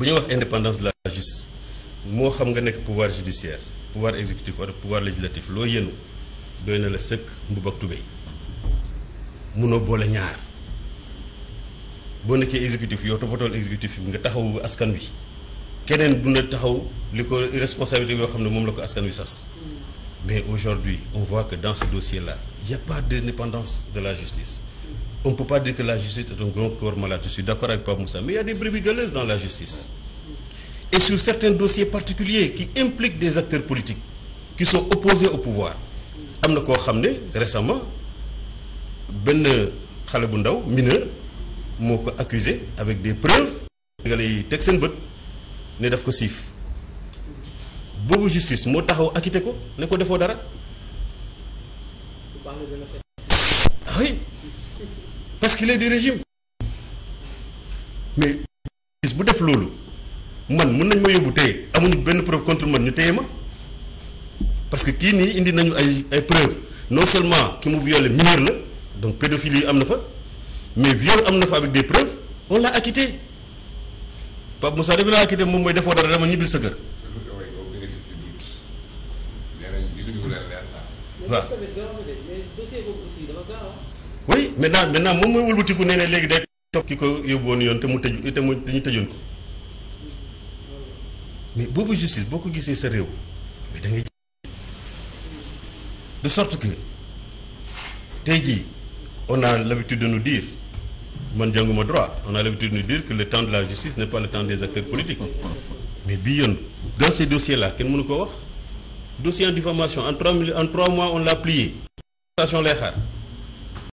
bu ñuy wax indépendance de la justice moo xam nga nekk pouvoir judiciaire pouvoir exécutif wala pouvoir législatif loo yenu doy na la sëkk mbub ak tubéy munoo boole ñaar boo nekkee exécutif yow toppatool exécutif bi nga taxaw askan wi keneen bu na taxaw li ko responsabilité yoo xam ne moom la ko askan wi sas mais aujourd'hui on voit que dans ce dossier là il d'indépendance de la justice on ne peut pas dire que la justice est un grand corps malade. Je suis d'accord avec Pape Moussa. Mais il y a des brebis dans la justice. Et sur certains dossiers particuliers qui impliquent des acteurs politiques qui sont opposés au pouvoir. am na koo xam ne récemment benn xale bu ndaw mineur moo ko accusé avec des preuves. nga yi teg seen bët ne daf ko siif boobu justice moo taxaw acquitté ko ne ko defoo dara. basculer du mais gis bu def loolu man mën nañ ma yóbbu tey amuñu benn preuve contre man ñu téye ma parce que kii nii indi nañu ay ay preuves non seulement ki mu violé mineur la donc pédophilie am na fa mais viol am na fa avec des preuves on l'a acquitté Pape Moussa daf laa acquitté moom mooy defoo dara dama ñibbil sa kër. waaw. oui maintenant maintenant moom mooy wëlbatiku nee ne léegi day topp ki ko yóbbu woon yoon te mu tëj te mu ñu tëjoon ko mais boobu justice boo ko gisee sa réew mais da ngay de sorte que tey jii on a l'habitude de nous man jànguma droit on a l'habitude de nous que le temps de la justice n'est pas le temps des acteurs politiques mais bii yoon dans ces dossiers là kenn mënu ko wax dossier en diffamation en trois en on l'a plié station lay xaar